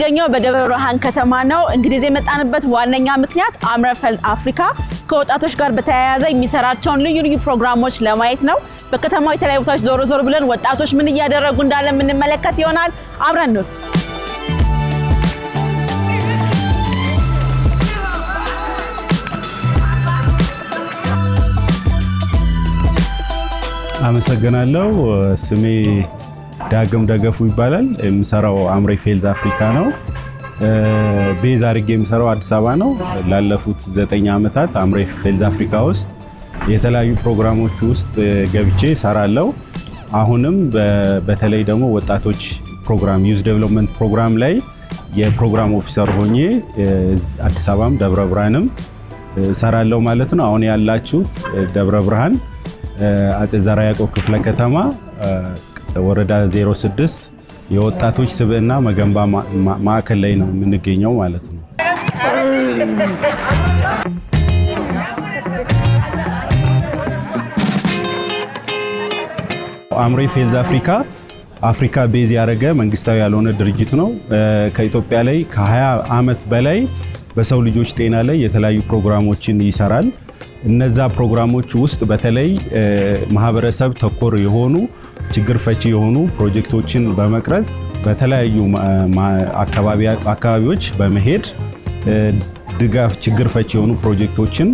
የምንገኘው በደብረ ብርሃን ከተማ ነው። እንግዲህ የመጣንበት ዋነኛ ምክንያት አምረፈልድ አፍሪካ ከወጣቶች ጋር በተያያዘ የሚሰራቸውን ልዩ ልዩ ፕሮግራሞች ለማየት ነው። በከተማው የተለያዩ ቦታዎች ዞሮ ዞር ብለን ወጣቶች ምን እያደረጉ እንዳለ የምንመለከት ይሆናል። አብረን አመሰግናለሁ። ስሜ ዳግም ደገፉ ይባላል። የምሰራው አምሬ ፌልዝ አፍሪካ ነው። ቤዝ አድርጌ የምሰራው አዲስ አበባ ነው። ላለፉት ዘጠኝ ዓመታት አምሬ ፌልዝ አፍሪካ ውስጥ የተለያዩ ፕሮግራሞች ውስጥ ገብቼ ሰራለው። አሁንም በተለይ ደግሞ ወጣቶች ፕሮግራም ዩዝ ዴቨሎፕመንት ፕሮግራም ላይ የፕሮግራም ኦፊሰር ሆኜ አዲስ አበባም ደብረ ብርሃንም ሰራለው ማለት ነው። አሁን ያላችሁት ደብረ ብርሃን አፄ ዘርዓ ያዕቆብ ክፍለ ከተማ ወረዳ 06 የወጣቶች ስብዕና መገንባ ማዕከል ላይ ነው የምንገኘው ማለት ነው። አምሬ ፌልዝ አፍሪካ አፍሪካ ቤዝ ያደረገ መንግስታዊ ያልሆነ ድርጅት ነው። ከኢትዮጵያ ላይ ከ20 ዓመት በላይ በሰው ልጆች ጤና ላይ የተለያዩ ፕሮግራሞችን ይሰራል። እነዛ ፕሮግራሞች ውስጥ በተለይ ማህበረሰብ ተኮር የሆኑ ችግር ፈቺ የሆኑ ፕሮጀክቶችን በመቅረጽ በተለያዩ አካባቢዎች በመሄድ ድጋፍ ችግር ፈቺ የሆኑ ፕሮጀክቶችን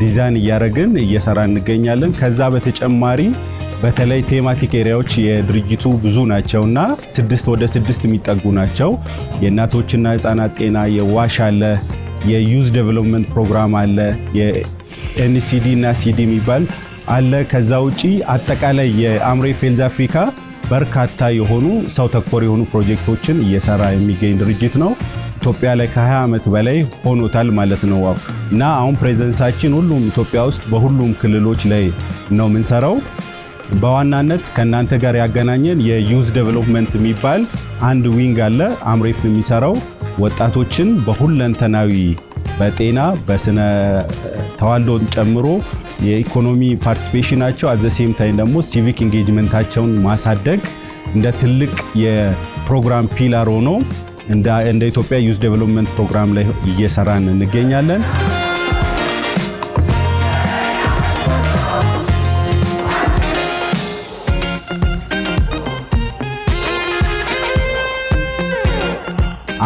ዲዛይን እያደረግን እየሰራ እንገኛለን። ከዛ በተጨማሪ በተለይ ቴማቲክ ኤሪያዎች የድርጅቱ ብዙ ናቸውና ስድስት ወደ ስድስት የሚጠጉ ናቸው። የእናቶችና ህፃናት ጤና፣ የዋሽ አለ፣ የዩዝ ዴቨሎፕመንት ፕሮግራም አለ፣ የኤንሲዲ እና ሲዲ የሚባል አለ። ከዛ ውጪ አጠቃላይ የአምሬ ፌልዝ አፍሪካ በርካታ የሆኑ ሰው ተኮር የሆኑ ፕሮጀክቶችን እየሰራ የሚገኝ ድርጅት ነው። ኢትዮጵያ ላይ ከ20 ዓመት በላይ ሆኖታል ማለት ነው እና አሁን ፕሬዘንሳችን ሁሉም ኢትዮጵያ ውስጥ በሁሉም ክልሎች ላይ ነው የምንሰራው። በዋናነት ከእናንተ ጋር ያገናኘን የዩዝ ዴቨሎፕመንት የሚባል አንድ ዊንግ አለ አምሬፍ የሚሰራው ወጣቶችን በሁለንተናዊ በጤና በስነ ተዋልዶን ጨምሮ የኢኮኖሚ ፓርቲስፔሽናቸው አት ሴም ታይም ደግሞ ሲቪክ ኢንጌጅመንታቸውን ማሳደግ እንደ ትልቅ የፕሮግራም ፒላር ሆኖ እንደ ኢትዮጵያ ዩዝ ዴቨሎፕመንት ፕሮግራም ላይ እየሰራን እንገኛለን።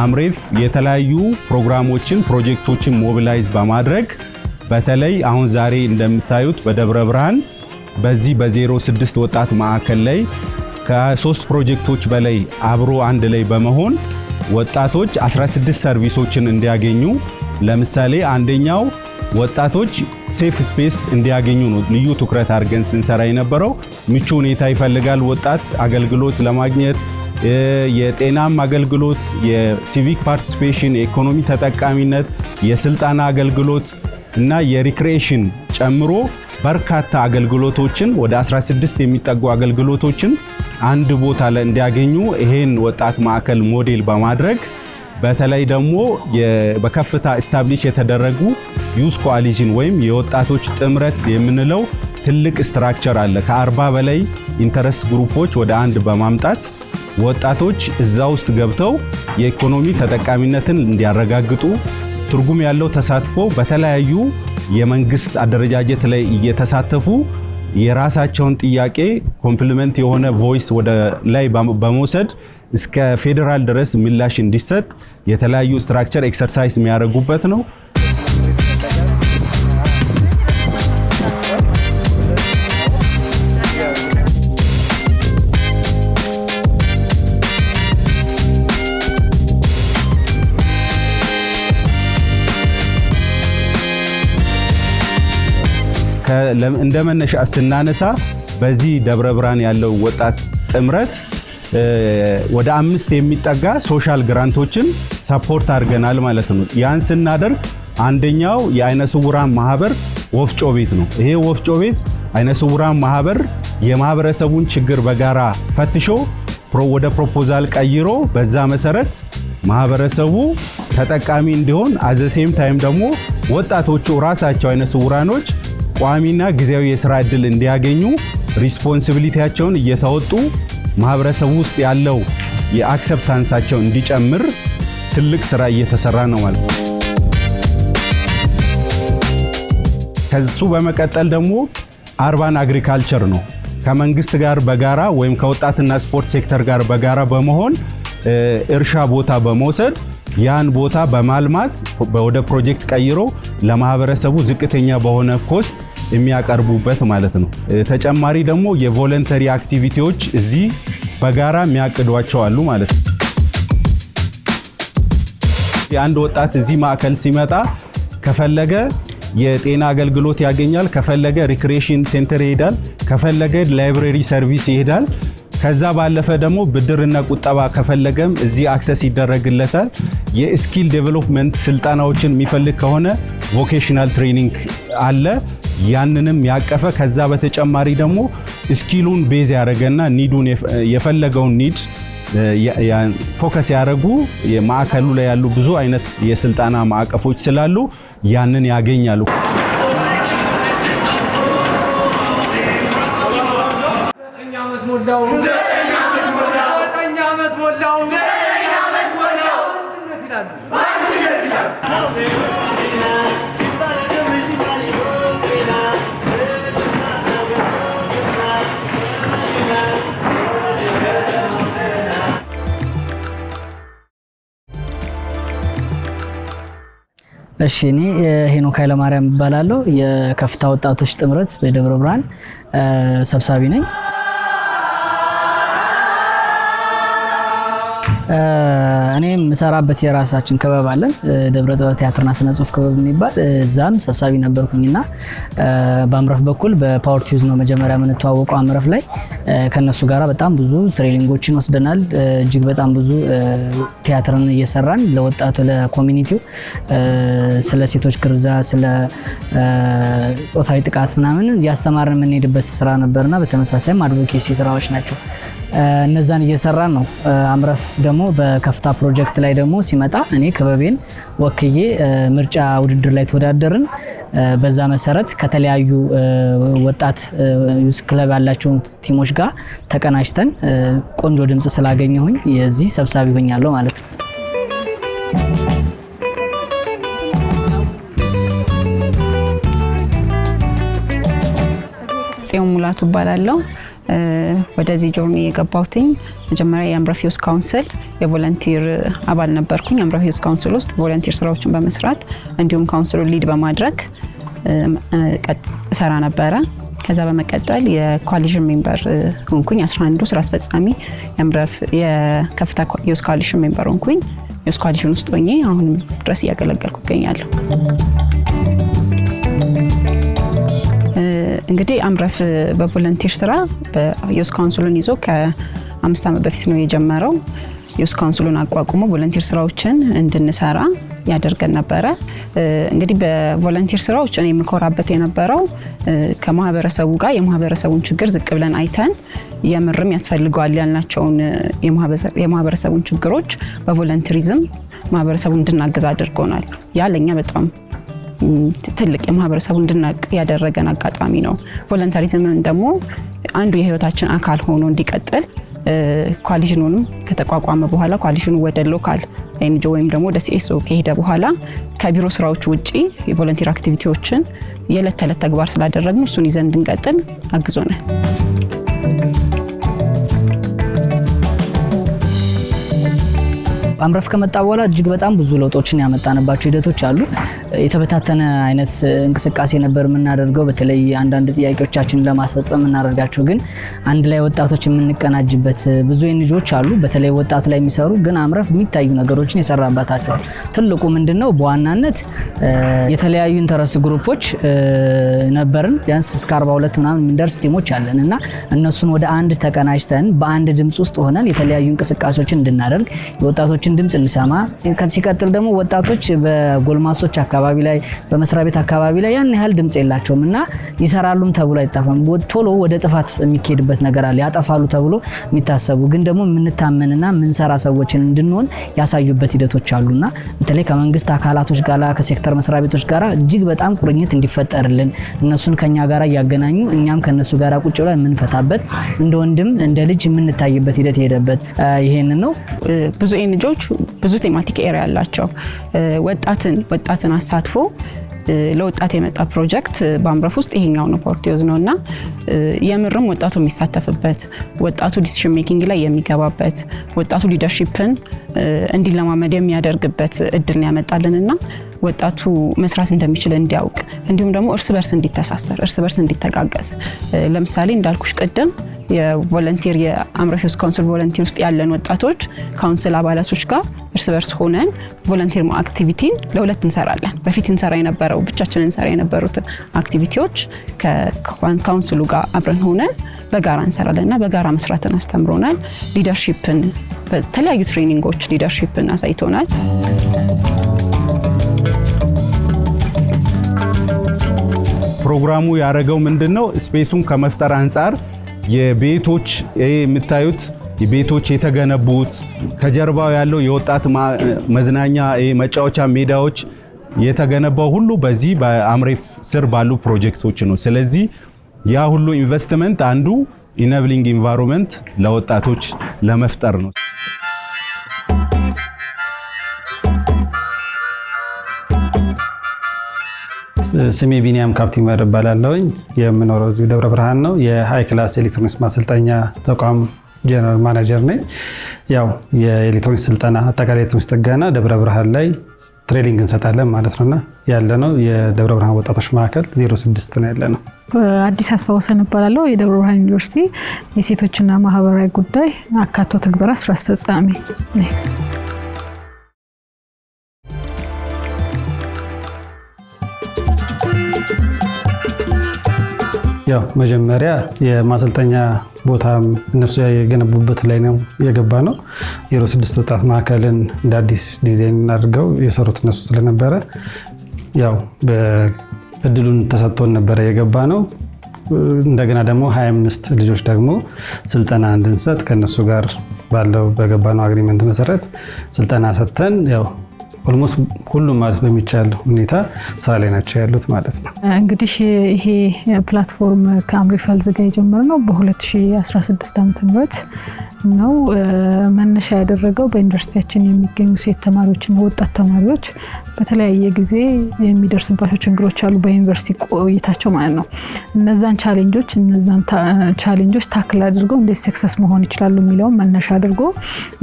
አምሬፍ የተለያዩ ፕሮግራሞችን፣ ፕሮጀክቶችን ሞቢላይዝ በማድረግ በተለይ አሁን ዛሬ እንደምታዩት በደብረ ብርሃን በዚህ በ06 ወጣት ማዕከል ላይ ከሶስት ፕሮጀክቶች በላይ አብሮ አንድ ላይ በመሆን ወጣቶች 16 ሰርቪሶችን እንዲያገኙ ለምሳሌ አንደኛው ወጣቶች ሴፍ ስፔስ እንዲያገኙ ነው ልዩ ትኩረት አድርገን ስንሰራ የነበረው። ምቹ ሁኔታ ይፈልጋል ወጣት አገልግሎት ለማግኘት የጤናም አገልግሎት፣ የሲቪክ ፓርቲሲፔሽን፣ የኢኮኖሚ ተጠቃሚነት፣ የስልጠና አገልግሎት እና የሪክሬሽን ጨምሮ በርካታ አገልግሎቶችን ወደ 16 የሚጠጉ አገልግሎቶችን አንድ ቦታ ላይ እንዲያገኙ ይሄን ወጣት ማዕከል ሞዴል በማድረግ በተለይ ደግሞ በከፍታ ኢስታብሊሽ የተደረጉ ዩዝ ኮአሊዥን ወይም የወጣቶች ጥምረት የምንለው ትልቅ ስትራክቸር አለ። ከአርባ በላይ ኢንተረስት ግሩፖች ወደ አንድ በማምጣት ወጣቶች እዛ ውስጥ ገብተው የኢኮኖሚ ተጠቃሚነትን እንዲያረጋግጡ ትርጉም ያለው ተሳትፎ በተለያዩ የመንግስት አደረጃጀት ላይ እየተሳተፉ የራሳቸውን ጥያቄ ኮምፕሊመንት የሆነ ቮይስ ወደ ላይ በመውሰድ እስከ ፌዴራል ድረስ ምላሽ እንዲሰጥ የተለያዩ ስትራክቸር ኤክሰርሳይዝ የሚያደርጉበት ነው። እንደ መነሻ ስናነሳ በዚህ ደብረ ብርሃን ያለው ወጣት ጥምረት ወደ አምስት የሚጠጋ ሶሻል ግራንቶችን ሰፖርት አድርገናል ማለት ነው። ያን ስናደርግ አንደኛው የአይነ ስውራን ማህበር ወፍጮ ቤት ነው። ይሄ ወፍጮ ቤት አይነ ስውራን ማህበር የማህበረሰቡን ችግር በጋራ ፈትሾ ወደ ፕሮፖዛል ቀይሮ በዛ መሰረት ማህበረሰቡ ተጠቃሚ እንዲሆን አዘሴም ታይም ደግሞ ወጣቶቹ ራሳቸው አይነ ስውራኖች ቋሚና ጊዜያዊ የስራ ዕድል እንዲያገኙ ሪስፖንሲቢሊቲያቸውን እየተወጡ ማህበረሰቡ ውስጥ ያለው የአክሰፕታንሳቸው እንዲጨምር ትልቅ ስራ እየተሰራ ነው ማለት ነው። ከሱ በመቀጠል ደግሞ አርባን አግሪካልቸር ነው። ከመንግስት ጋር በጋራ ወይም ከወጣትና ስፖርት ሴክተር ጋር በጋራ በመሆን እርሻ ቦታ በመውሰድ ያን ቦታ በማልማት ወደ ፕሮጀክት ቀይሮ ለማህበረሰቡ ዝቅተኛ በሆነ ኮስት የሚያቀርቡበት ማለት ነው። ተጨማሪ ደግሞ የቮለንተሪ አክቲቪቲዎች እዚህ በጋራ የሚያቅዷቸው አሉ ማለት ነው። አንድ ወጣት እዚህ ማዕከል ሲመጣ ከፈለገ የጤና አገልግሎት ያገኛል፣ ከፈለገ ሪክሬሽን ሴንተር ይሄዳል፣ ከፈለገ ላይብረሪ ሰርቪስ ይሄዳል። ከዛ ባለፈ ደግሞ ብድርና ቁጠባ ከፈለገም እዚህ አክሰስ ይደረግለታል። የስኪል ዴቨሎፕመንት ስልጠናዎችን የሚፈልግ ከሆነ ቮኬሽናል ትሬኒንግ አለ። ያንንም ያቀፈ ከዛ በተጨማሪ ደግሞ ስኪሉን ቤዝ ያደረገና ኒዱን የፈለገውን ኒድ ፎከስ ያደረጉ ማዕከሉ ላይ ያሉ ብዙ አይነት የስልጠና ማዕቀፎች ስላሉ ያንን ያገኛሉ። ሁለት ዓመት ሞላው። እሺ እኔ ሄኖክ ኃይለማርያም እባላለሁ። የከፍታ ወጣቶች ጥምረት በደብረ ብርሃን ሰብሳቢ ነኝ። እኔ የምሰራበት የራሳችን ክበብ አለን፣ ደብረ ጥበብ ቲያትርና ስነ ጽሁፍ ክበብ የሚባል እዛም ሰብሳቢ ነበርኩኝና በአምረፍ በኩል በፓወር ቲዩዝ ነው መጀመሪያ የምንተዋወቀው። አምረፍ ላይ ከነሱ ጋራ በጣም ብዙ ትሬኒንጎችን ወስደናል። እጅግ በጣም ብዙ ቲያትርን እየሰራን ለወጣቱ ለኮሚኒቲው ስለ ሴቶች ግርዛ፣ ስለ ጾታዊ ጥቃት ምናምን እያስተማርን የምንሄድበት ስራ ነበርና በተመሳሳይም አድቮኬሲ ስራዎች ናቸው። እነዛን እየሰራን ነው። አምረፍ ደግሞ በከፍታ ፕሮጀክት ላይ ደግሞ ሲመጣ እኔ ክበቤን ወክዬ ምርጫ ውድድር ላይ ተወዳደርን። በዛ መሰረት ከተለያዩ ወጣት ዩስ ክለብ ያላቸውን ቲሞች ጋር ተቀናጅተን ቆንጆ ድምፅ ስላገኘሁኝ የዚህ ሰብሳቢ ሆኛለሁ ማለት ነው። ጽዮን ሙላቱ እባላለሁ። ወደዚህ ጆርኒ የገባሁትኝ መጀመሪያ የአምራፍ ካውንስል የቮለንቲር አባል ነበርኩኝ። አምራፍ ካውንስል ውስጥ ቮለንቲር ስራዎችን በመስራት እንዲሁም ካውንስሉን ሊድ በማድረግ ሰራ ነበረ። ከዛ በመቀጠል የኮሊሽን ሜምበር ሆንኩኝ። ስራ አስፈጻሚ የከፍታ ዩስ ኮሊሽን ሜምበር ሆንኩኝ። ዩስ ኮሊሽን ውስጥ ሆኜ አሁንም ድረስ እያገለገልኩ ይገኛለሁ። እንግዲህ አምረፍ በቮለንቲር ስራ ዩዝ ካውንስሉን ይዞ ከአምስት ዓመት በፊት ነው የጀመረው። ዩስ ካውንስሉን አቋቁሞ ቮለንቲር ስራዎችን እንድንሰራ ያደርገን ነበረ። እንግዲህ በቮለንቲር ስራዎች እኔ የምኮራበት የነበረው ከማህበረሰቡ ጋር የማህበረሰቡን ችግር ዝቅ ብለን አይተን የምርም ያስፈልገዋል ያልናቸውን የማህበረሰቡን ችግሮች በቮለንቲሪዝም ማህበረሰቡ እንድናገዝ አድርጎናል። ያ ለእኛ በጣም ትልቅ የማህበረሰቡ እንድናቅ ያደረገን አጋጣሚ ነው። ቮለንታሪዝምን ደግሞ አንዱ የህይወታችን አካል ሆኖ እንዲቀጥል ኮሊዥኑንም ከተቋቋመ በኋላ ኮሊዥኑ ወደ ሎካል ኤንጆ ወይም ደግሞ ወደ ሲኤስኦ ከሄደ በኋላ ከቢሮ ስራዎች ውጭ የቮለንቲር አክቲቪቲዎችን የዕለት ተዕለት ተግባር ስላደረግን እሱን ይዘን እንድንቀጥል አግዞናል። አምረፍ ከመጣ በኋላ እጅግ በጣም ብዙ ለውጦችን ያመጣንባቸው ሂደቶች አሉ። የተበታተነ አይነት እንቅስቃሴ ነበር የምናደርገው፣ በተለይ አንዳንድ ጥያቄዎቻችንን ለማስፈጸም የምናደርጋቸው ግን አንድ ላይ ወጣቶች የምንቀናጅበት ብዙ ልጆች አሉ፣ በተለይ ወጣት ላይ የሚሰሩ ግን አምረፍ የሚታዩ ነገሮችን የሰራባታቸዋል። ትልቁ ምንድን ነው? በዋናነት የተለያዩ ኢንተረስ ግሩፖች ነበርን ቢያንስ እስከ 42 ምናምን የምንደርስ ቲሞች አለን እና እነሱን ወደ አንድ ተቀናጅተን በአንድ ድምፅ ውስጥ ሆነን የተለያዩ እንቅስቃሴዎችን እንድናደርግ የወጣቶችን የወጣቶችን ድምፅ እንሰማ። ሲቀጥል ደግሞ ወጣቶች በጎልማሶች አካባቢ ላይ በመስሪያ ቤት አካባቢ ላይ ያን ያህል ድምፅ የላቸውም እና ይሰራሉም ተብሎ አይጠፋም። ቶሎ ወደ ጥፋት የሚካሄድበት ነገር አለ። ያጠፋሉ ተብሎ የሚታሰቡ ግን ደግሞ የምንታመንና የምንሰራ ሰዎችን እንድንሆን ያሳዩበት ሂደቶች አሉና በተለይ ከመንግስት አካላቶች ጋር ከሴክተር መስሪያ ቤቶች ጋር እጅግ በጣም ቁርኝት እንዲፈጠርልን እነሱን ከኛ ጋር እያገናኙ እኛም ከነሱ ጋር ቁጭ ብለን የምንፈታበት እንደ ወንድም እንደ ልጅ የምንታይበት ሂደት የሄደበት ይሄንን ነው ብዙ ኤንጂዎች ፕሮግራሞች ብዙ ቴማቲክ ኤሪያ ያላቸው ወጣትን ወጣትን አሳትፎ ለወጣት የመጣ ፕሮጀክት በአምረፍ ውስጥ ነው ፖርቲዮዝ ነው እና የምርም ወጣቱ የሚሳተፍበት ወጣቱ ዲሲሽን ሜኪንግ ላይ የሚገባበት ወጣቱ ሊደርሺፕን እንዲለማመድ የሚያደርግበት እድል ያመጣልን እና ወጣቱ መስራት እንደሚችል እንዲያውቅ እንዲሁም ደግሞ እርስ በርስ እንዲተሳሰር፣ እርስ በርስ እንዲተጋገዝ ለምሳሌ እንዳልኩሽ ቅድም የቮለንቲር የአምራቾች ካውንስል ቮለንቲር ውስጥ ያለን ወጣቶች ካውንስል አባላቶች ጋር እርስ በርስ ሆነን ቮለንቲር አክቲቪቲን ለሁለት እንሰራለን። በፊት እንሰራ የነበረው ብቻችን እንሰራ የነበሩትን አክቲቪቲዎች ከካውንስሉ ጋር አብረን ሆነን በጋራ እንሰራለን እና በጋራ መስራትን አስተምሮናል። ሊደርሺፕን በተለያዩ ትሬኒንጎች ሊደርሺፕን አሳይቶናል። ፕሮግራሙ ያደረገው ምንድን ነው? ስፔሱን ከመፍጠር አንጻር የቤቶች የምታዩት ቤቶች የተገነቡት ከጀርባው ያለው የወጣት መዝናኛ መጫወቻ ሜዳዎች የተገነባው ሁሉ በዚህ በአምሬፍ ስር ባሉ ፕሮጀክቶች ነው። ስለዚህ ያ ሁሉ ኢንቨስትመንት አንዱ ኢነብሊንግ ኢንቫይሮንመንት ለወጣቶች ለመፍጠር ነው። ስሜ ቢኒያም ካፕቲመር እባላለሁኝ። የምኖረው እዚሁ ደብረ ብርሃን ነው። የሃይ ክላስ ኤሌክትሮኒክስ ማሰልጠኛ ተቋም ጀነራል ማናጀር ነኝ። ያው የኤሌክትሮኒክስ ስልጠና አጠቃላይ ኤሌክትሮኒክስ ጥገና ደብረ ብርሃን ላይ ትሬኒንግ እንሰጣለን ማለት ነውና ያለ ነው የደብረ ብርሃን ወጣቶች ማዕከል 06 ነው ያለ ነው። አዲስ አስፋወሰን እባላለሁ። የደብረ ብርሃን ዩኒቨርሲቲ የሴቶችና ማህበራዊ ጉዳይ አካቶ ትግበራ ስራ አስፈጻሚ ያው መጀመሪያ የማሰልጠኛ ቦታ እነሱ የገነቡበት ላይ ነው የገባ ነው። የሮ ስድስት ወጣት ማዕከልን እንደ አዲስ ዲዛይን አድርገው የሰሩት እነሱ ስለነበረ ያው እድሉን ተሰጥቶን ነበረ የገባ ነው። እንደገና ደግሞ 25 ልጆች ደግሞ ስልጠና እንድንሰጥ ከነሱ ጋር ባለው በገባ ነው አግሪመንት መሰረት ስልጠና ሰጥተን ያው ኦልሞስት ሁሉም ማለት በሚቻል ሁኔታ ስራ ላይ ናቸው ያሉት ማለት ነው። እንግዲህ ይሄ ፕላትፎርም ከአምሪ ፈልዝ የጀመረ ነው በ2016 ዓ ምህረት ነው መነሻ ያደረገው በዩኒቨርሲቲያችን የሚገኙ ሴት ተማሪዎችና ወጣት ተማሪዎች በተለያየ ጊዜ የሚደርስባቸው ችግሮች አሉ፣ በዩኒቨርሲቲ ቆይታቸው ማለት ነው። እነዛን ቻሌንጆች እነዛን ቻሌንጆች ታክል አድርገው እንዴት ሰክሰስ መሆን ይችላሉ የሚለውን መነሻ አድርጎ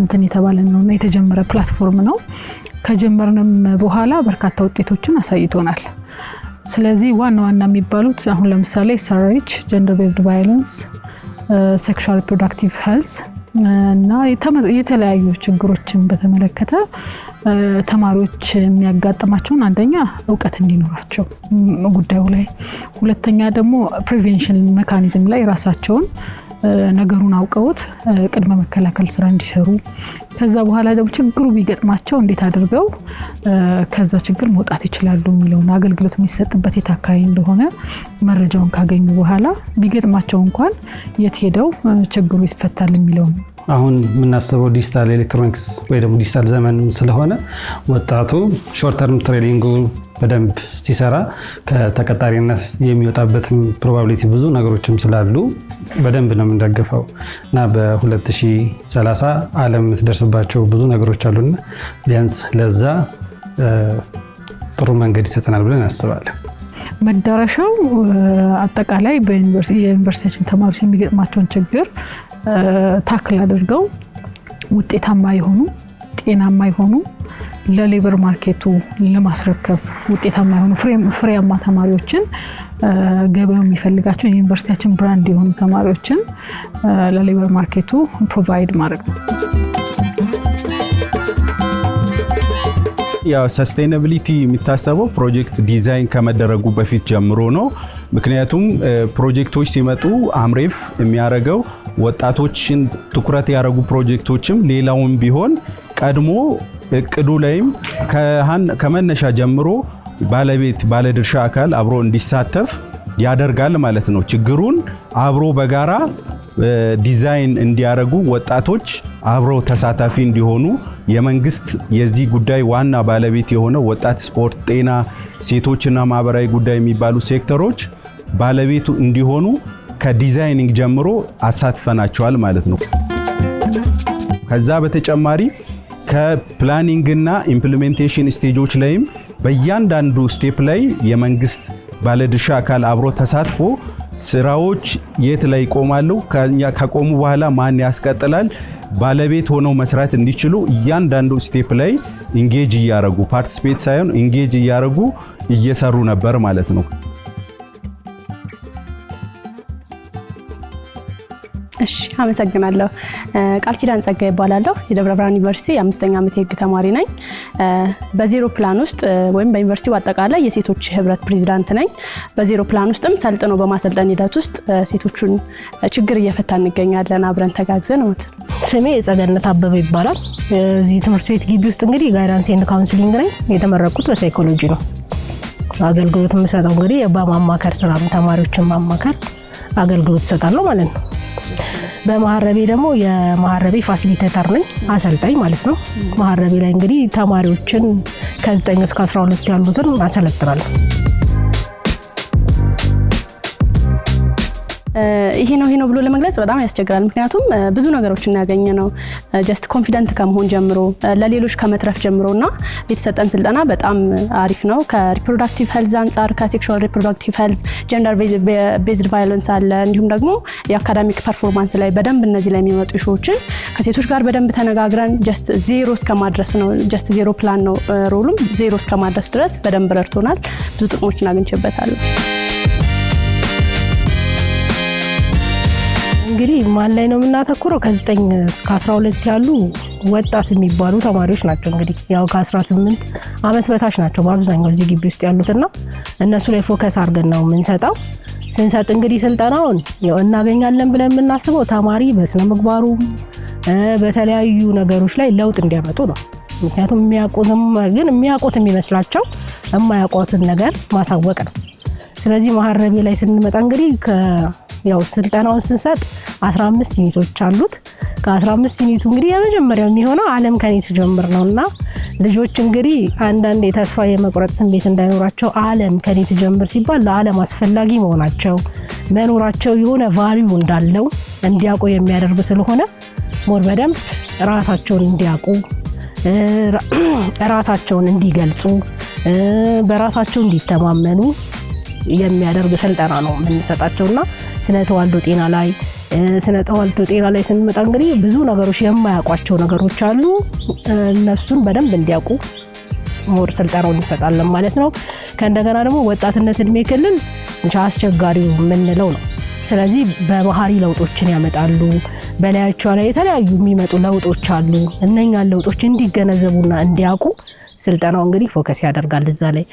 እንትን የተባለ ነው እና የተጀመረ ፕላትፎርም ነው። ከጀመርንም በኋላ በርካታ ውጤቶችን አሳይቶናል። ስለዚህ ዋና ዋና የሚባሉት አሁን ለምሳሌ ሰሬች፣ ጀንደር ቤዝድ ቫዮለንስ፣ ሴክሹዋል ፕሮዳክቲቭ ሄልዝ እና የተለያዩ ችግሮችን በተመለከተ ተማሪዎች የሚያጋጥማቸውን አንደኛ እውቀት እንዲኖራቸው ጉዳዩ ላይ፣ ሁለተኛ ደግሞ ፕሪቬንሽን መካኒዝም ላይ ራሳቸውን ነገሩን አውቀውት ቅድመ መከላከል ስራ እንዲሰሩ ከዛ በኋላ ደግሞ ችግሩ ቢገጥማቸው እንዴት አድርገው ከዛ ችግር መውጣት ይችላሉ የሚለውን አገልግሎት የሚሰጥበት የት አካባቢ እንደሆነ መረጃውን ካገኙ በኋላ ቢገጥማቸው እንኳን የት ሄደው ችግሩ ይፈታል የሚለውን አሁን የምናስበው ዲጂታል ኤሌክትሮኒክስ ወይ ደግሞ ዲጂታል ዘመን ስለሆነ ወጣቱ ሾርተርም ትሬዲንጉ በደንብ ሲሰራ ከተቀጣሪነት የሚወጣበትም ፕሮባቢሊቲ ብዙ ነገሮችም ስላሉ በደንብ ነው የምንደግፈው እና በ2030 ዓለም የምትደርስባቸው ብዙ ነገሮች አሉና ቢያንስ ለዛ ጥሩ መንገድ ይሰጠናል ብለን ያስባለን። መዳረሻው አጠቃላይ የዩኒቨርሲቲያችን ተማሪዎች የሚገጥማቸውን ችግር ታክል አድርገው ውጤታማ የሆኑ ጤናማ የሆኑ ለሌበር ማርኬቱ ለማስረከብ ውጤታማ የሆኑ ፍሬያማ ተማሪዎችን ገበያው የሚፈልጋቸው የዩኒቨርሲቲያችን ብራንድ የሆኑ ተማሪዎችን ለሌበር ማርኬቱ ፕሮቫይድ ማድረግ ነው። ያው ሰስቴናብሊቲ የሚታሰበው ፕሮጀክት ዲዛይን ከመደረጉ በፊት ጀምሮ ነው። ምክንያቱም ፕሮጀክቶች ሲመጡ አምሬፍ የሚያደርገው ወጣቶችን ትኩረት ያደረጉ ፕሮጀክቶችም ሌላውን ቢሆን ቀድሞ እቅዱ ላይም ከመነሻ ጀምሮ ባለቤት ባለድርሻ አካል አብሮ እንዲሳተፍ ያደርጋል ማለት ነው። ችግሩን አብሮ በጋራ ዲዛይን እንዲያደርጉ ወጣቶች አብረው ተሳታፊ እንዲሆኑ የመንግስት የዚህ ጉዳይ ዋና ባለቤት የሆነ ወጣት፣ ስፖርት፣ ጤና፣ ሴቶችና ማህበራዊ ጉዳይ የሚባሉ ሴክተሮች ባለቤቱ እንዲሆኑ ከዲዛይኒንግ ጀምሮ አሳትፈናቸዋል ማለት ነው። ከዛ በተጨማሪ ከፕላኒንግና ኢምፕሊሜንቴሽን ስቴጆች ላይም በእያንዳንዱ ስቴፕ ላይ የመንግስት ባለድርሻ አካል አብሮ ተሳትፎ ስራዎች የት ላይ ይቆማሉ? ከቆሙ በኋላ ማን ያስቀጥላል? ባለቤት ሆነው መስራት እንዲችሉ እያንዳንዱ ስቴፕ ላይ ኢንጌጅ እያረጉ ፓርቲስፔት ሳይሆን ኢንጌጅ እያረጉ እየሰሩ ነበር ማለት ነው። እሺ አመሰግናለሁ። ቃል ኪዳን ጸጋ ይባላለሁ። የደብረ ብርሃን ዩኒቨርሲቲ የአምስተኛ ዓመት የህግ ተማሪ ነኝ። በዜሮ ፕላን ውስጥ ወይም በዩኒቨርሲቲ አጠቃላይ የሴቶች ህብረት ፕሬዚዳንት ነኝ። በዜሮ ፕላን ውስጥም ሰልጥኖ በማሰልጠን ሂደት ውስጥ ሴቶቹን ችግር እየፈታ እንገኛለን አብረን ተጋግዘን ነውት ስሜ የጸገነት አበበ ይባላል። እዚህ ትምህርት ቤት ግቢ ውስጥ እንግዲህ ጋይዳንስ ኤንድ ካውንስሊንግ ነኝ። የተመረቁት በሳይኮሎጂ ነው። አገልግሎት የምሰጠው እንግዲህ በማማከር ስራ ተማሪዎችን ማማከር አገልግሎት ይሰጣለሁ ማለት ነው። በማህረቤ ደግሞ የማህረቤ ፋሲሊቴተር ነኝ፣ አሰልጣኝ ማለት ነው። ማህረቤ ላይ እንግዲህ ተማሪዎችን ከ9 እስከ 12 ያሉትን አሰለጥናለሁ። ይሄ ነው ይሄ ነው ብሎ ለመግለጽ በጣም ያስቸግራል። ምክንያቱም ብዙ ነገሮችን ያገኘ ነው ጀስት ኮንፊደንት ከመሆን ጀምሮ ለሌሎች ከመትረፍ ጀምሮ እና የተሰጠን ስልጠና በጣም አሪፍ ነው። ከሪፕሮዳክቲቭ ሄልዝ አንጻር ከሴክሹዋል ሪፕሮዳክቲቭ ሄልዝ፣ ጀንደር ቤዝድ ቫዮለንስ አለ እንዲሁም ደግሞ የአካዳሚክ ፐርፎርማንስ ላይ በደንብ እነዚህ ላይ የሚመጡ ሾዎችን ከሴቶች ጋር በደንብ ተነጋግረን ጀስት ዜሮ እስከማድረስ ነው ጀስት ዜሮ ፕላን ነው ሮሉም ዜሮ እስከማድረስ ድረስ በደንብ ረድቶናል። ብዙ ጥቅሞች አግኝቼበታለሁ። እንግዲህ ማን ላይ ነው የምናተኩረው? ከ9 እስከ 12 ያሉ ወጣት የሚባሉ ተማሪዎች ናቸው። እንግዲህ ያው ከ18 ዓመት በታች ናቸው በአብዛኛው እዚህ ግቢ ውስጥ ያሉት ና እነሱ ላይ ፎከስ አድርገን ነው የምንሰጠው። ስንሰጥ እንግዲህ ስልጠናውን እናገኛለን ብለን የምናስበው ተማሪ በስነ ምግባሩ በተለያዩ ነገሮች ላይ ለውጥ እንዲያመጡ ነው። ምክንያቱም የሚያውቁትም ግን የሚያውቁት የሚመስላቸው የማያውቋትን ነገር ማሳወቅ ነው። ስለዚህ መሀረቤ ላይ ስንመጣ እንግዲህ ያው ስልጠናውን ስንሰጥ 15 ዩኒቶች አሉት። ከ15 ዩኒቱ እንግዲህ የመጀመሪያው የሚሆነው አለም ከኔ ትጀምር ነው እና ልጆች እንግዲህ አንዳንድ የተስፋ የመቁረጥ ስሜት እንዳይኖራቸው አለም ከኔ ትጀምር ሲባል ለአለም አስፈላጊ መሆናቸው መኖራቸው የሆነ ቫሊዩ እንዳለው እንዲያውቁ የሚያደርግ ስለሆነ ሞር በደንብ ራሳቸውን እንዲያውቁ ራሳቸውን እንዲገልጹ በራሳቸው እንዲተማመኑ የሚያደርግ ስልጠና ነው የምንሰጣቸውና ስነ ተዋልዶ ጤና ላይ ስነ ተዋልዶ ጤና ላይ ስንመጣ እንግዲህ ብዙ ነገሮች የማያውቋቸው ነገሮች አሉ። እነሱን በደንብ እንዲያውቁ ሞር ስልጠናው እንሰጣለን ማለት ነው። ከእንደገና ደግሞ ወጣትነት እድሜ ክልል አስቸጋሪው የምንለው ነው። ስለዚህ በባህሪ ለውጦችን ያመጣሉ። በላያቸው ላይ የተለያዩ የሚመጡ ለውጦች አሉ። እነኛን ለውጦች እንዲገነዘቡና እንዲያውቁ ስልጠናው እንግዲህ ፎከስ ያደርጋል እዛ ላይ።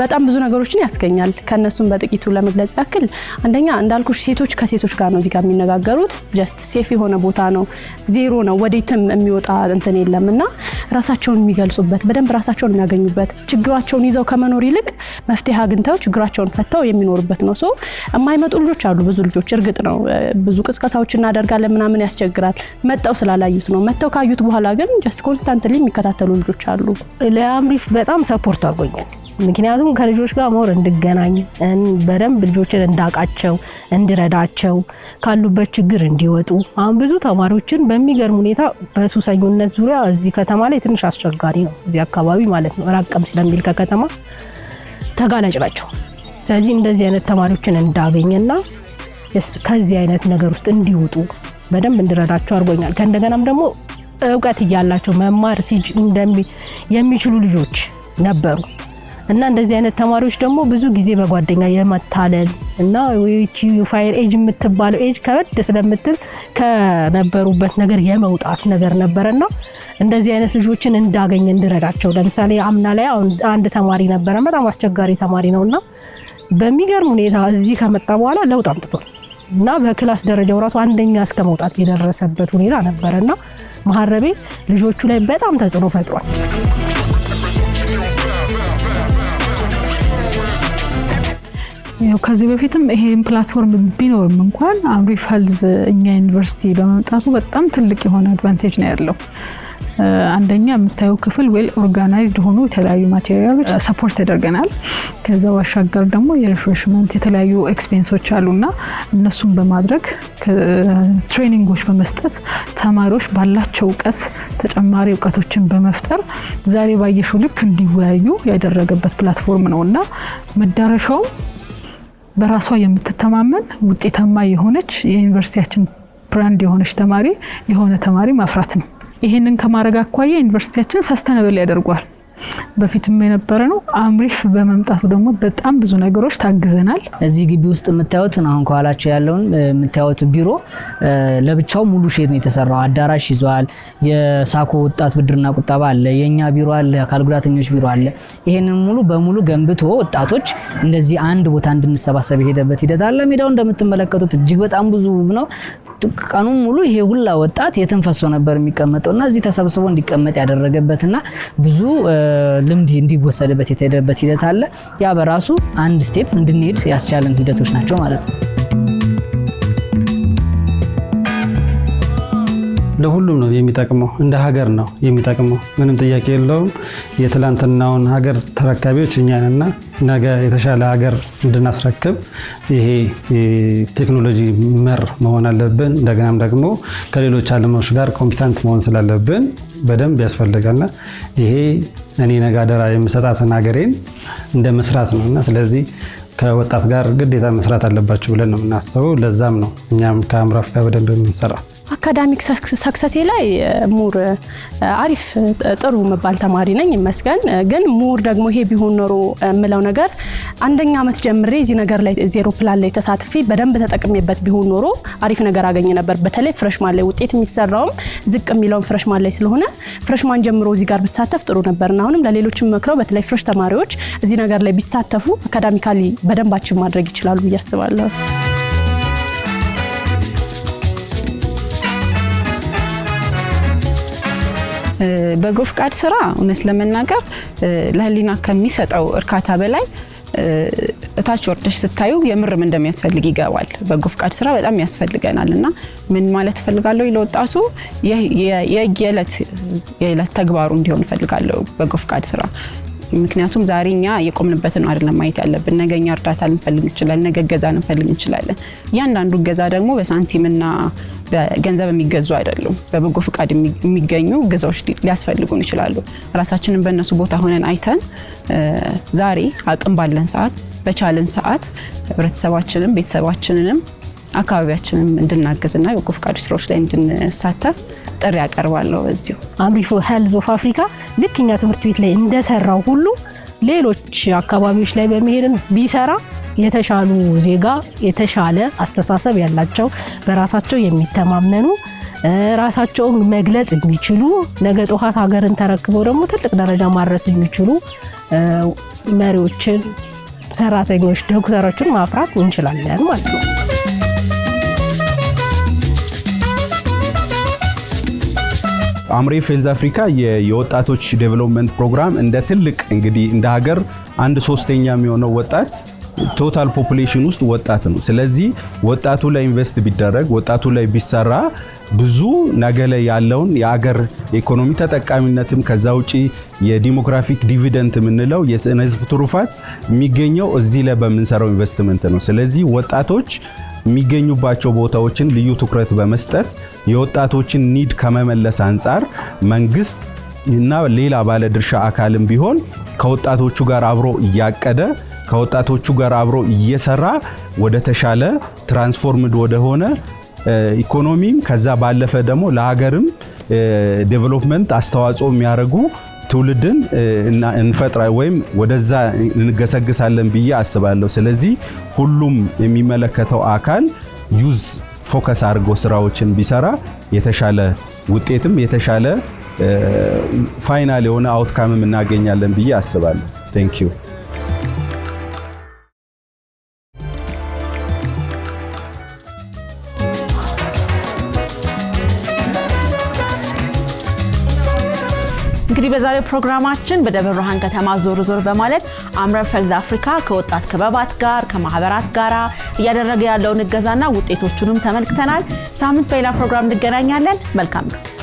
በጣም ብዙ ነገሮችን ያስገኛል። ከነሱም በጥቂቱ ለመግለጽ ያክል አንደኛ እንዳልኩ ሴቶች ከሴቶች ጋር ነው እዚህ ጋር የሚነጋገሩት። ጀስት ሴፍ የሆነ ቦታ ነው፣ ዜሮ ነው፣ ወዴትም የሚወጣ እንትን የለም እና ራሳቸውን የሚገልጹበት በደንብ ራሳቸውን የሚያገኙበት ችግራቸውን ይዘው ከመኖር ይልቅ መፍትሄ አግኝተው ችግራቸውን ፈተው የሚኖሩበት ነው። ሶ የማይመጡ ልጆች አሉ ብዙ ልጆች። እርግጥ ነው ብዙ ቅስቀሳዎች እናደርጋለን ምናምን ያስቸግራል። መጠው ስላላዩት ነው። መጥተው ካዩት በኋላ ግን ጀስት ኮንስታንትሊ የሚከታተሉ ልጆች አሉ። ለአምሪፍ በጣም ሰፖርት አድርጎኛል። ምክንያቱም ምክንያቱም ከልጆች ጋር መር እንድገናኝ በደንብ ልጆችን እንዳውቃቸው እንድረዳቸው ካሉበት ችግር እንዲወጡ። አሁን ብዙ ተማሪዎችን በሚገርም ሁኔታ በሱሰኙነት ዙሪያ እዚህ ከተማ ላይ ትንሽ አስቸጋሪ ነው፣ እዚህ አካባቢ ማለት ነው፣ ራቀም ስለሚል ከከተማ ተጋላጭ ናቸው። ስለዚህ እንደዚህ አይነት ተማሪዎችን እንዳገኝና ከዚህ አይነት ነገር ውስጥ እንዲወጡ በደንብ እንድረዳቸው አድርጎኛል። ከእንደገናም ደግሞ እውቀት እያላቸው መማር የሚችሉ ልጆች ነበሩ። እና እንደዚህ አይነት ተማሪዎች ደግሞ ብዙ ጊዜ በጓደኛ የመታለል እና ይቺ ፋይር ኤጅ የምትባለው ኤጅ ከበድ ስለምትል ከነበሩበት ነገር የመውጣት ነገር ነበረ ና እንደዚህ አይነት ልጆችን እንዳገኝ እንድረዳቸው። ለምሳሌ አምና ላይ አንድ ተማሪ ነበረ፣ በጣም አስቸጋሪ ተማሪ ነው እና በሚገርም ሁኔታ እዚህ ከመጣ በኋላ ለውጥ አምጥቷል እና በክላስ ደረጃው ራሱ አንደኛ እስከ መውጣት የደረሰበት ሁኔታ ነበረ እና መሀረቤ ልጆቹ ላይ በጣም ተጽዕኖ ፈጥሯል። ከዚህ በፊትም ይሄን ፕላትፎርም ቢኖርም እንኳን አምሪፍ ሄልዝ እኛ ዩኒቨርሲቲ በመምጣቱ በጣም ትልቅ የሆነ አድቫንቴጅ ነው ያለው። አንደኛ የምታየው ክፍል ዌል ኦርጋናይዝድ ሆኖ የተለያዩ ማቴሪያሎች ሰፖርት ተደርገናል። ከዛ ባሻገር ደግሞ የሪፍሬሽመንት የተለያዩ ኤክስፔንሶች አሉና እነሱን በማድረግ ትሬኒንጎች በመስጠት ተማሪዎች ባላቸው እውቀት ተጨማሪ እውቀቶችን በመፍጠር ዛሬ ባየሹ ልክ እንዲወያዩ ያደረገበት ፕላትፎርም ነው እና መዳረሻውም በራሷ የምትተማመን ውጤታማ የሆነች የዩኒቨርሲቲያችን ብራንድ የሆነች ተማሪ የሆነ ተማሪ ማፍራት ነው። ይህንን ከማድረግ አኳያ ዩኒቨርሲቲያችን ሰስተነበል ያደርጓል። በፊትም የነበረ ነው። አምሪፍ በመምጣቱ ደግሞ በጣም ብዙ ነገሮች ታግዘናል። እዚህ ግቢ ውስጥ የምታዩት አሁን ከኋላቸው ያለውን የምታዩት ቢሮ ለብቻው ሙሉ ሼድ ነው የተሰራው። አዳራሽ ይዟል። የሳኮ ወጣት ብድርና ቁጠባ አለ፣ የእኛ ቢሮ አለ፣ አካል ጉዳተኞች ቢሮ አለ። ይህንን ሙሉ በሙሉ ገንብቶ ወጣቶች እንደዚህ አንድ ቦታ እንድንሰባሰብ የሄደበት ሂደት አለ። ሜዳው እንደምትመለከቱት እጅግ በጣም ብዙ ነው። ቀኑን ሙሉ ይሄ ሁላ ወጣት የትንፈሶ ነበር የሚቀመጠው እና እዚህ ተሰብስቦ እንዲቀመጥ ያደረገበትና ብዙ ልምድ እንዲወሰድበት የተሄደበት ሂደት አለ። ያ በራሱ አንድ ስቴፕ እንድንሄድ ያስቻለን ሂደቶች ናቸው ማለት ነው። ለሁሉም ነው የሚጠቅመው። እንደ ሀገር ነው የሚጠቅመው፣ ምንም ጥያቄ የለውም። የትላንትናውን ሀገር ተረካቢዎች እኛንና ነገ የተሻለ ሀገር እንድናስረክብ ይሄ ቴክኖሎጂ መር መሆን አለብን። እንደገናም ደግሞ ከሌሎች አለሞች ጋር ኮምፒታንት መሆን ስላለብን በደንብ ያስፈልጋልና ይሄ እኔ ነገ አደራ የምሰጣትን ሀገሬን እንደ መስራት ነው እና ስለዚህ ከወጣት ጋር ግዴታ መስራት አለባቸው ብለን ነው የምናስበው። ለዛም ነው እኛም ከአምራፍ ጋር በደንብ የምንሰራው። አካዳሚክ ሰክሰሴ ላይ ሙር አሪፍ ጥሩ መባል ተማሪ ነኝ ይመስገን። ግን ሙር ደግሞ ይሄ ቢሆን ኖሮ የምለው ነገር አንደኛ ዓመት ጀምሬ እዚህ ነገር ላይ ዜሮ ፕላን ላይ ተሳትፌ በደንብ ተጠቅሜበት ቢሆን ኖሮ አሪፍ ነገር አገኘ ነበር። በተለይ ፍረሽማን ላይ ውጤት የሚሰራውም ዝቅ የሚለውን ፍረሽማን ላይ ስለሆነ ፍረሽማን ጀምሮ እዚህ ጋር ብሳተፍ ጥሩ ነበርና አሁንም ለሌሎችም መክረው በተለይ ፍረሽ ተማሪዎች እዚህ ነገር ላይ ቢሳተፉ አካዳሚካሊ በደንባችን ማድረግ ይችላሉ ብዬ አስባለሁ። በጎ ፍቃድ ስራ እውነት ለመናገር ለህሊና ከሚሰጠው እርካታ በላይ እታች ወርደሽ ስታዩ የምርም እንደሚያስፈልግ ይገባል። በጎ ፍቃድ ስራ በጣም ያስፈልገናል እና ምን ማለት እፈልጋለሁ ለወጣቱ የየዕለት የዕለት ተግባሩ እንዲሆን እፈልጋለሁ በጎ ፍቃድ ስራ ምክንያቱም ዛሬ እኛ የቆምንበትን ነው አይደለም ማየት ያለብን። ነገ እኛ እርዳታ ልንፈልግ እንችላለን። ነገ እገዛ ልንፈልግ እንችላለን። እያንዳንዱ እገዛ ደግሞ በሳንቲምና በገንዘብ የሚገዙ አይደሉም። በበጎ ፈቃድ የሚገኙ እገዛዎች ሊያስፈልጉን ይችላሉ። ራሳችንን በእነሱ ቦታ ሆነን አይተን ዛሬ አቅም ባለን ሰዓት በቻለን ሰዓት ህብረተሰባችንም ቤተሰባችንንም አካባቢያችንም እንድናገዝና የበጎ ፈቃዱ ስራዎች ላይ እንድንሳተፍ ጥሪ ያቀርባለሁ። በዚሁ አምሪፎ ሄልዝ ኦፍ አፍሪካ ልክ እኛ ትምህርት ቤት ላይ እንደሰራው ሁሉ ሌሎች አካባቢዎች ላይ በመሄድም ቢሰራ የተሻሉ ዜጋ፣ የተሻለ አስተሳሰብ ያላቸው በራሳቸው የሚተማመኑ ራሳቸውን መግለጽ የሚችሉ ነገ ጠዋት ሀገርን ተረክበው ደግሞ ትልቅ ደረጃ ማድረስ የሚችሉ መሪዎችን፣ ሰራተኞች፣ ዶክተሮችን ማፍራት እንችላለን ማለት ነው። አምሬ ፌልዝ አፍሪካ የወጣቶች ዴቨሎፕመንት ፕሮግራም እንደ ትልቅ እንግዲህ እንደ ሀገር አንድ ሶስተኛ የሚሆነው ወጣት ቶታል ፖፑሌሽን ውስጥ ወጣት ነው። ስለዚህ ወጣቱ ላይ ኢንቨስት ቢደረግ ወጣቱ ላይ ቢሰራ ብዙ ነገ ላይ ያለውን የአገር ኢኮኖሚ ተጠቃሚነትም ከዛ ውጪ የዲሞግራፊክ ዲቪደንት የምንለው የስነ ህዝብ ትሩፋት የሚገኘው እዚህ ላይ በምንሰራው ኢንቨስትመንት ነው። ስለዚህ ወጣቶች የሚገኙባቸው ቦታዎችን ልዩ ትኩረት በመስጠት የወጣቶችን ኒድ ከመመለስ አንጻር መንግስት እና ሌላ ባለድርሻ አካልም ቢሆን ከወጣቶቹ ጋር አብሮ እያቀደ ከወጣቶቹ ጋር አብሮ እየሰራ ወደ ተሻለ ትራንስፎርምድ ወደሆነ ኢኮኖሚም ከዛ ባለፈ ደግሞ ለሀገርም ዴቨሎፕመንት አስተዋጽኦ የሚያደርጉ ትውልድን እንፈጥራ ወይም ወደዛ እንገሰግሳለን ብዬ አስባለሁ። ስለዚህ ሁሉም የሚመለከተው አካል ዩዝ ፎከስ አድርጎ ስራዎችን ቢሰራ የተሻለ ውጤትም የተሻለ ፋይናል የሆነ አውትካምም እናገኛለን ብዬ አስባለሁ። ቴንክ ዩ በዛሬው ፕሮግራማችን በደብረ ብርሃን ከተማ ዞር ዞር በማለት አምረ ፈልዝ አፍሪካ ከወጣት ክበባት ጋር ከማህበራት ጋር እያደረገ ያለውን እገዛና ውጤቶቹንም ተመልክተናል። ሳምንት በሌላ ፕሮግራም እንገናኛለን። መልካም ጊዜ